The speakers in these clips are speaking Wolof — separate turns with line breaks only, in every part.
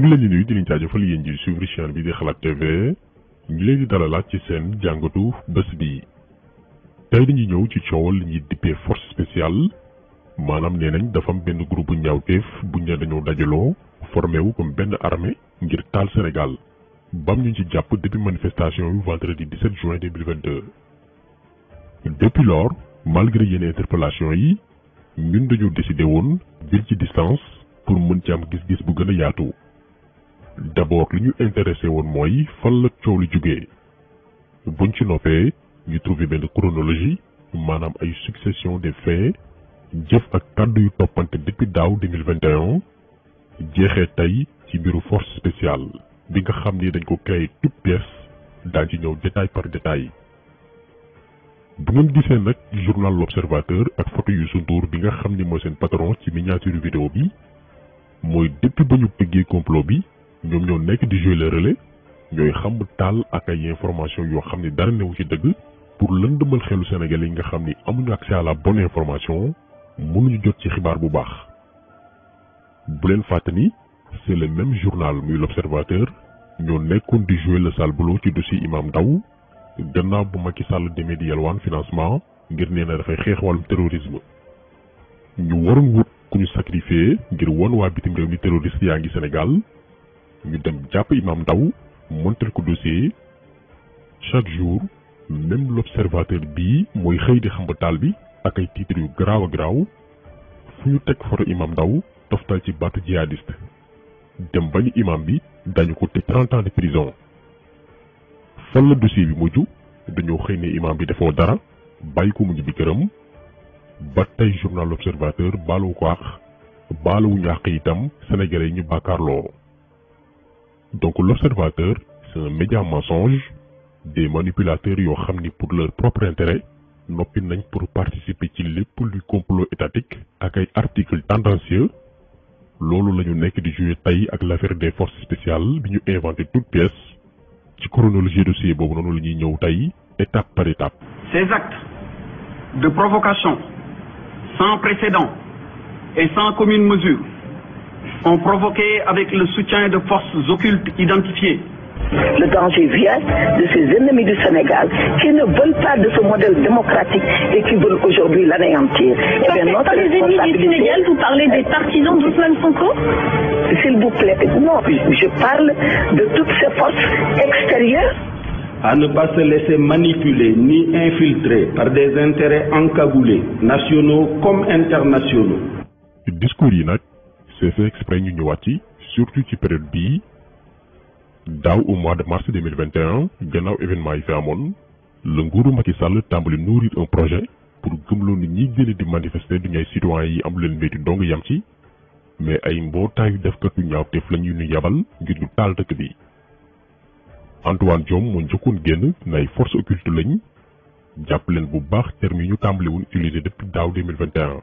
ñu ngi leen di nuyu di leen jaajëfal yéen ji suivre chaîne bi di xalaat TV ñu leen di dalalaat ci seen jàngatu bés bi tey dañuy ñëw ci coowal li ñuy dippee force spéciale maanaam nee nañ dafa am benn groupe ñaawteef bu ñu dañoo dajaloo formé wu comme benn armée ngir taal Sénégal bam ñu ci jàpp depuis manifestation yu vendredi 17 juin 2022 depuis lors malgré yenn interpellation yi ñun dañu décidé woon jël ci distance pour mën ci am gis-gis bu gën a yaatu d'abord li ñu intéressé woon mooy fan la coow li jugee buñ ci noppee ñu trouvé benn chronologie maanaam ay succession des faits jëf ak kàddu yu toppante depuis daaw 2021 jeexee tey ci mbiru force spéciale bi nga xam ni dañ ko créé toute pièce daan ci ñëw détail par détail bu ngeen gisee nag journal l'observateur ak photo Youssou Ndour bi nga xam ni mooy seen patron ci miniature vidéo bi mooy depuis ba ñu tëggee complot bi ñoom ñoo nekk di le relais information dara ci dëgg pour lëndëmal xelu accès à la bonne information mënuñu jot ci xibaar bu baax bu leen le même journal de l'observateur ñoo nekkoon di jouer le boulot ci dossier Imam daw gannaaw bu Macky Sall financement ngir terrorisme ñu ku terroriste Sénégal ñu dem jàpp Imam Ndao montel ko dossier chaque jour même l'observateur bii mooy xëy di xamba taal bi ak ay titres yu garaaw a garaaw fu ñu teg foto Imam Ndao toftal ci baatu jihadiste dem ba ni imam bi dañu ko tëj trente prison fan la dossier bi mujj dañoo xëy ne imam bi defoo dara bàyyi ko mu ñibbi këram ba tey journal observateur baaluwu ko àq baaluwu ñu àq itam sénégalais yi ñu bàkkaarloo donc l'observateur c'est un média mensonge des manipulateurs qui ont pour leur propre intérêt n'ont pour participer à pour du complot étatique avec un articles tendancieux Lolo la ñu du di l'affaire des forces spéciales qui ont inventé toute pièce ci chronologie dossier ces événements étape par étape. ces actes de provocation sans précédent et sans commune mesure ont provoqué avec le soutien de forces occultes identifiées. Le danger vient de ces ennemis du Sénégal qui ne veulent pas de ce modèle démocratique et qui veulent aujourd'hui l'anéantir. Et eh bien, les ennemis du Sénégal, vous parlez des partisans d'Ousmane Sonko S'il vous plaît, non, je parle de toutes ces forces extérieures à ne pas se laisser manipuler ni infiltrer par des intérêts encaboulés, nationaux comme internationaux. CFEX e ñu ñëwaat surtout ci période B. daaw au mois de mars 2021 gannaaw événement yi fi amoon la Macky Sall tàmbali nourrir un projet pour gëmloo nit ñi gëna di manifester du ñay citoyen yi am leen métti dong yam ci mais ay mbootaayu defkatu ñaw la lañu ñu yabal ngir ñu taal dëkk bi Antoine Diome moo njëkkoon genn nay force occulte lañu jàpp leen bu baax terme ñu tàmbali woon utiliser depuis daw 2021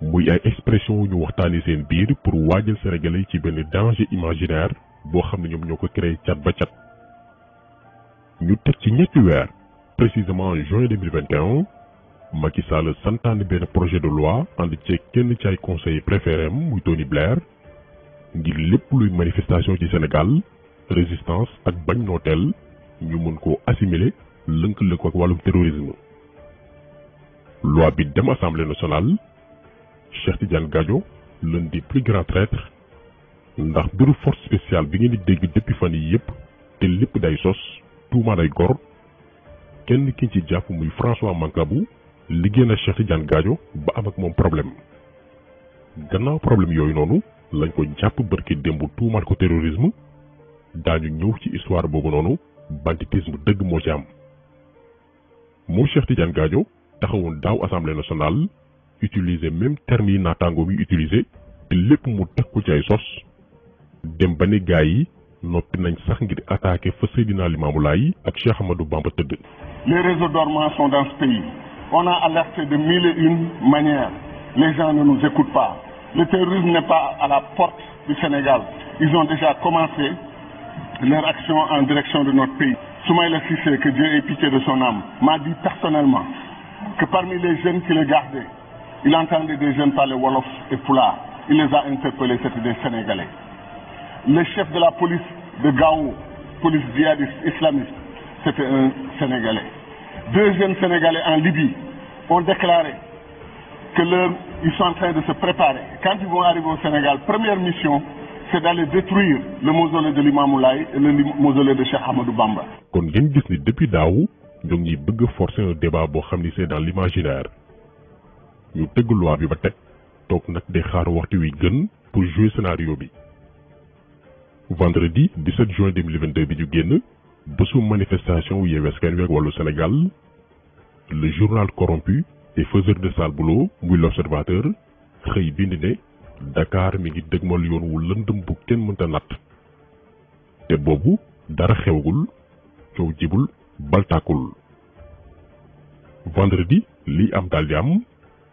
muy ay expression ñu waxtaanee seen biir pour waajal sénégalais ci benn danger imaginaire bo xam ñom ñoko créer ko ba cat. ñu tek ci ñetti weer précisément juin 2021 Macky Sall santaane benn projet de loi ànd ceeg kenn ci ay conseillers préférés muy Tony Blair ngir lépp luy manifestation ci Sénégal résistance ak bañ nooteel ñu mën ko assimiler lënkale ko ak walum terrorisme loi bi dem assemblée nationale. Cheikh Tidiane Gadio l'un des plus grands traîtres ndax biru force spéciale bi ngeen di dégg déppi fan yi yëpp te lépp day sos tuuma gor kenn ki ci jàpp muy François Mancabou liggéey na Cheikh Tidiane gaajo ba am ak moom problème gannaaw problème yooyu noonu lañ ko jàpp barki démb tuumaal ko terrorisme daañu ñëw ci histoire boobu noonu banditisme dëgg moo ci am moom Cheikh Tidiane Gadio taxawoon daaw assemblée nationale utiliser même terme utiliser mu ci ay sos dem yi nañ sax ngir les réseaux dormants sont dans ce pays on a alerté de mille et une manières les gens ne nous écoutent pas le terrorisme n'est pas à la porte du Sénégal ils ont déjà commencé leur action en direction de notre pays. Soumaïla Sissé, que Dieu ait pitié de son âme, m'a dit personnellement que parmi les jeunes qui le gardaient, il entendait des jeunes parler Wolof et Poula. Il les a interpellés, c'était des Sénégalais. Le chef de la police de Gao, police djihadiste islamiste, c'était un Sénégalais. Deux jeunes Sénégalais en Libye ont déclaré que ils sont en train de se préparer. Quand ils vont arriver au Sénégal, première mission, c'est d'aller détruire le mausolée de l'imam Moulay et le mausolée de Cheikh Hamadou Bamba. depuis Daou, nous un débat pour dans l'imaginaire ñu tëgg loi bi ba teg toog nag di xaar waxtu wi gën pour jouer scénario bi. vendredi 17 juin 2022 bi ñu génn bésu manifestation Yewwi Askan Wi ak Sénégal le journal corrompu et faiseur de sale boulot muy l'observateur xëy bind ne Dakar mi ngi dëgmal yoon wu lëndëm bu kenn mënta natt te boobu dara xewgul coow jibul baltakul vendredi li am daal di am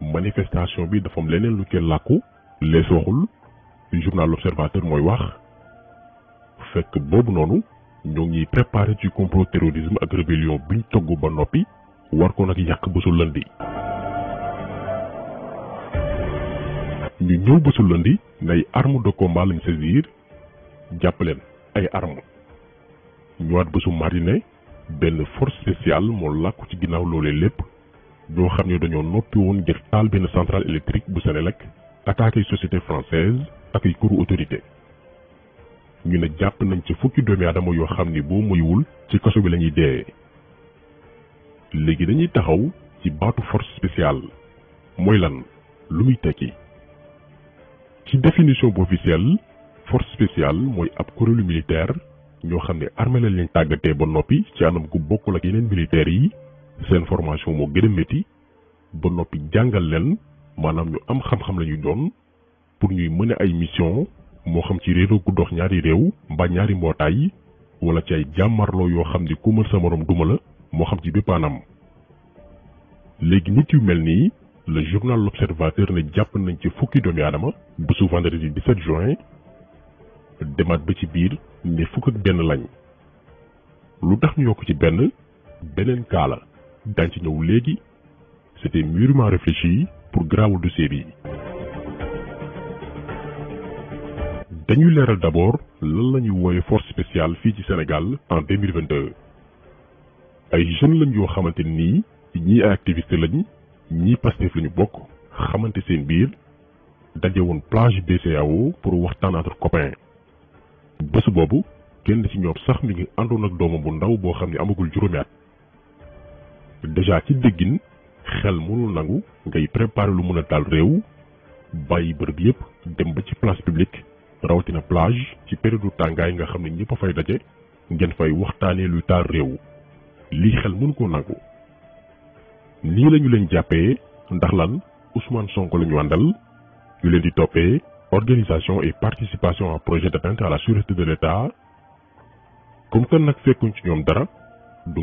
manifestation bi dafa am leneen lu ci làkku les waxul journal observateur mooy wax fekk boobu noonu ñoo ngi préparé ci complot terrorisme ak rébellion biñ togg ba noppi war ko nag yàq bésu lëndi ñu ñëw nay arme de combat lañ saisir jàpp leen ay arme marine benn force spéciale moo làkku ci ginnaaw loolee ñoo xam ne dañoo noppi woon ngir taal benn centrale électrique bu Senelec attaqué société française ak ay këru autorité ñu ne jàpp nañ ci fukki doomi aadama yoo xam ni boo moywul ci kaso bi la ñuy deeyee léegi dañuy taxaw ci baatu force spéciale mooy lan lu muy ci définition bu officielle force spéciale mooy ab kuréelu militaire ñoo xam ne armée lañ leen tàggatee ba noppi ci anam gu bokkul ak yeneen militaires yi seen formation moo gën a métti ba noppi jàngal leen maanaam ñu am xam-xam la ñuy doon pour ñuy mën ay mission moo xam ci réew ku dox ñaari réew mbaa ñaari mbootaay wala ci ay jàmmarloo yoo xam ni ku mën sa morom duma la moo xam ci bépp anam léegi nit yu mel nii la journal l'observateur ne jàpp nañ ci fukki doomi aadama bésu vendredi 17 juin demaat ba ci biir ne fukk ak benn lañ lu tax ñu yokk ci benn beneen kaala dañ ci ñëw c'était mûrement réfléchi pour garaawul dossier bi. dañuy leeral d'abord lan la force spéciale fiji ci Sénégal en 2022. mille vingt deux ay jeunes lañ ni xamante nii ñii ay activiste lañ ñii Pastef lañu bokk xamante seen biir daje woon plage BCEAO pour waxtaan entre copains. bés boobu kenn ci ñoom sax mi ngi àndoon ak doomam bu ndaw boo xam ne amagul juróomi déjà ci deggin xel mënul nangu ngay préparer lu mën dal taal réew bàyyi bërëb yépp dem ba ci place publique rawatina plage ci période tangay nga xamni ñepp fay dajé ngeen fay waxtané lu tar réew li xel mënu ko nangu ni lañu leen jappé ndax lan Ousmane Sonko lañu àndal yu leen di topé organisation et participation à projet d'atteinte à la sûreté de l'État comme que nak fekkun ci ñom dara du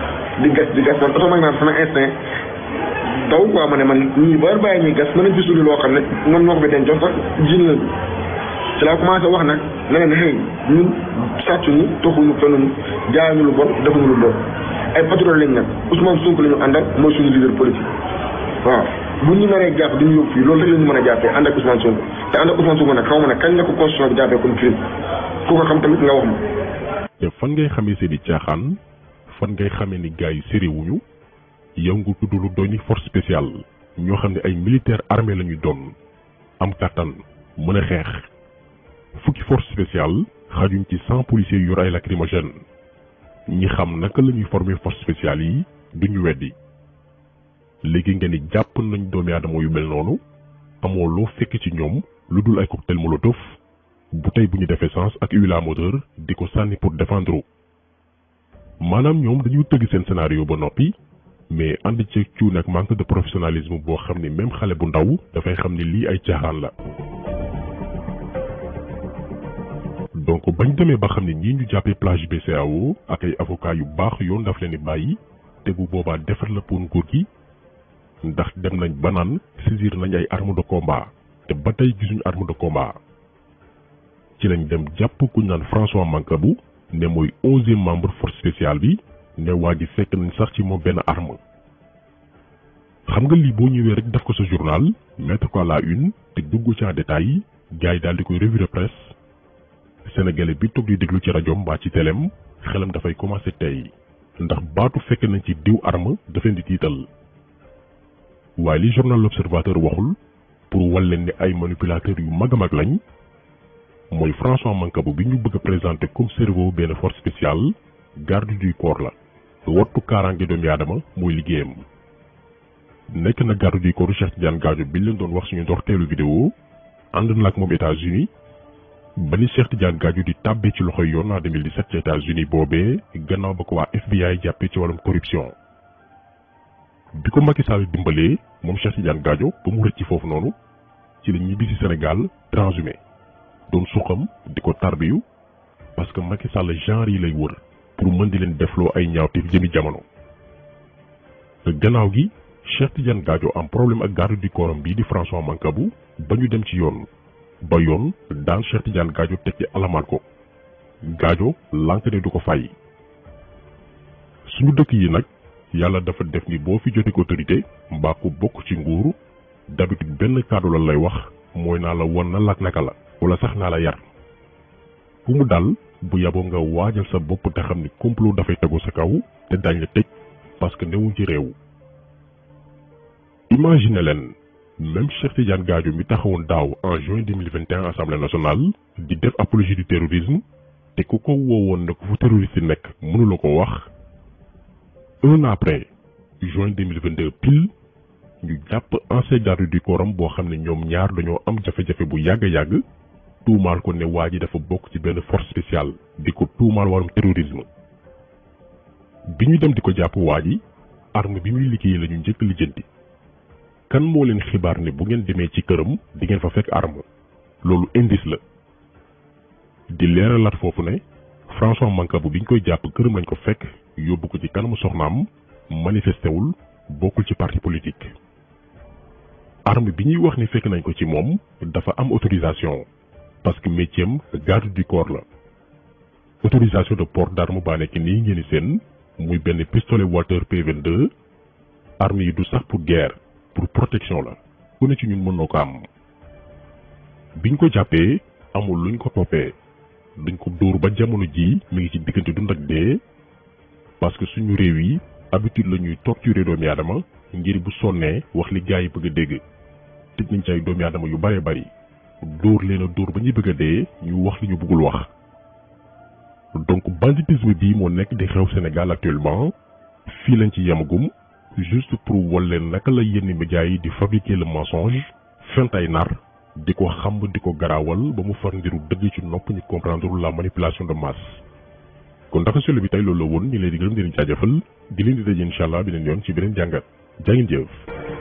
di gas di gas man oto mag naan sama instinct ma ne man ñii ba bàyyi ñuy gas mën a gisul loo xam ne man moo ko fi dencoon sax jin la ci laa commencé wax nag na leen xëy ñun sàccuñu toxuñu fenuñu jaayuñu lu bon defuñu lu bon ay patrouille lañ nag Ousmane Sonko la ñu àndal mooy suñu leader politique waaw bu ñu naree jàpp duñu yóbbu fii loolu rek la mën a jàppee ànd ak Ousmane Sonko te ànd ak Ousmane Sonko nag xaw ma ne kañ la ko constitution bi jàppee comme crime ku ko xam tamit nga wax ma. te fan ngay xamee seen i caaxaan. fan ngay xamee ni gars yi sérieux wuñu yow nga tudd lu doy ni force spéciale ñoo xam ne ay militaire armé la ñu doon am kàttan mën a xeex fukki force spéciale xajuñ ci cent policiers yu yor ay lacrymogène ñi xam naka la ñuy former force spéciale yi duñu weddi léegi nga ni jàpp nañ doomi aadama yu mel noonu amoo loo fekk ci ñoom lu dul ay cocktail molotov bu tey bu ñu defee sens ak huile à di ko sànni pour défendre. maanaam ñoom dañuy tëgg seen scénario ba noppi mais ànd ci cuune ak manque de professionnalisme boo xam ni même xale bu ndaw dafay xam ni lii ay caaxaan la. donc bañ demee ba xam ne ñii ñu jàppee plage BCEAO ak ay avocats yu baax yoon daf leen di bàyyi te bu boobaa defar la pour nguur gi ndax dem nañ ba naan saisir nañ ay arme de combat te ba tey gisuñu arme de combat ci lañ dem jàpp ku ñu naan François bu ne mooy onzième membre force spéciale bi ne waa ji fekk nañ sax ci moom benn arme xam nga lii boo ñëwee rek def ko sa journal mettre ko à la une te dugg ci en détail gars daal di koy revue de senegale bi toog di déglu ci rajo mbaa ci teleem xelam dafay commencé tey ndax baatu fekk nañ ci diw arme daf leen di tiital waaye li journal l'observateur waxul pour wal leen ne ay manipulateurs yu mag a mag lañ. suis François Mankabou bi ñu bëgg présenter comme cerveau force spéciale garde du corps la suis le garde du moy liggéeyam. suis na garde du corps Cheikh Gadio bi wax vidéo na états ba Cheikh di garde ci 2017 ci États-Unis FBI jàppee ci corruption. bi Macky Sall Cheikh corps, Gadio suis mu ci Sénégal transhumé. doon suqam di ko tarbiyu parce que Macky Sall genre yi lay wër pour mën di leen defloo ay ñaaw ñaawteef jëmi jamono. gannaaw gi Cheikh Tidiane gaajo am problème ak garde du corps bii di François Mancabou ba ñu dem ci yoon ba yoon daan Cheikh Tidiane Gadio teg ci alamaan ko gaajo lànk ne du ko fàyyi suñu dëkk yi nag yàlla dafa def ni boo fi jotee autorité mbaa ko bokk ci nguur d'habitude benn kàddu la lay wax mooy naa la won na lak naka la wala sax naa la yar fu mu dal bu yaboo nga waajal sa bopp te xam ni complot dafay tegu sa kaw te daañ la tëj parce que newuñ ci réew. imagine leen même Cheikh Tidiane Gadio mi taxawoon daaw en juin deux mille di def apologie du terrorisme te ku ko woowoon na ko fu terroriste yi nekk mënula ko wax. un an après juin deux mille vingt deux pile ñu jàpp ancien du corps boo xam ne ñoom ñaar dañoo am jafe-jafe bu yàgg a yàgg. tuumaal ko ne waa ji dafa bokk ci benn force spéciale di ko tuumaal warum terrorisme bi ñu dem di ko jàpp waa ji arme bi muy liggéey lañu ñu njëkk lijjanti kan moo leen xibaar ne bu ngeen demee ci këram di ngeen fa fekk arme loolu indice la di leeralaat foofu ne François Mancabou bi ñu koy jàpp këram lañ ko fekk yóbbu ko ci kanamu soxnaam manifesté wul bokkul ci parti politique arme bi ñuy wax ni fekk nañ ko ci moom dafa am autorisation. parce que métier garde du corps la autorisation de port d'armes ba nek ni ngeen sen muy ben pistolet water P22 arme yi du sax pour guerre pour protection la ko ne ci ñun mëno ko am biñ ko jappé amul luñ ko topé duñ ko door ba jamono ji mi ngi ci digënté du ndak dé parce que suñu réew yi habitude lañuy torturer doomi adama ngir bu sonné wax li gaay bëgg dégg tit nañ ci ay doomi adama yu bari bari dóor leen a dóor ba ñuy bëgg dee ñu wax li ñu bëggul wax donc banditisme bi moo nekk di xew Sénégal actuellement fii lañ ci yemagum juste pour wal leen naka la yenn médias yi di fabriquer le mensonge fent ay nar di ko xamb di ko garaawal ba mu far ndiru dëgg ci nopp ñu comprendre la manipulation de masse. kon ndax solo bi tey loolu woon ñu leen di gërëm di leen jaajëfal di leen di daje incha allah beneen yoon ci beneen jàngat jaa jëf.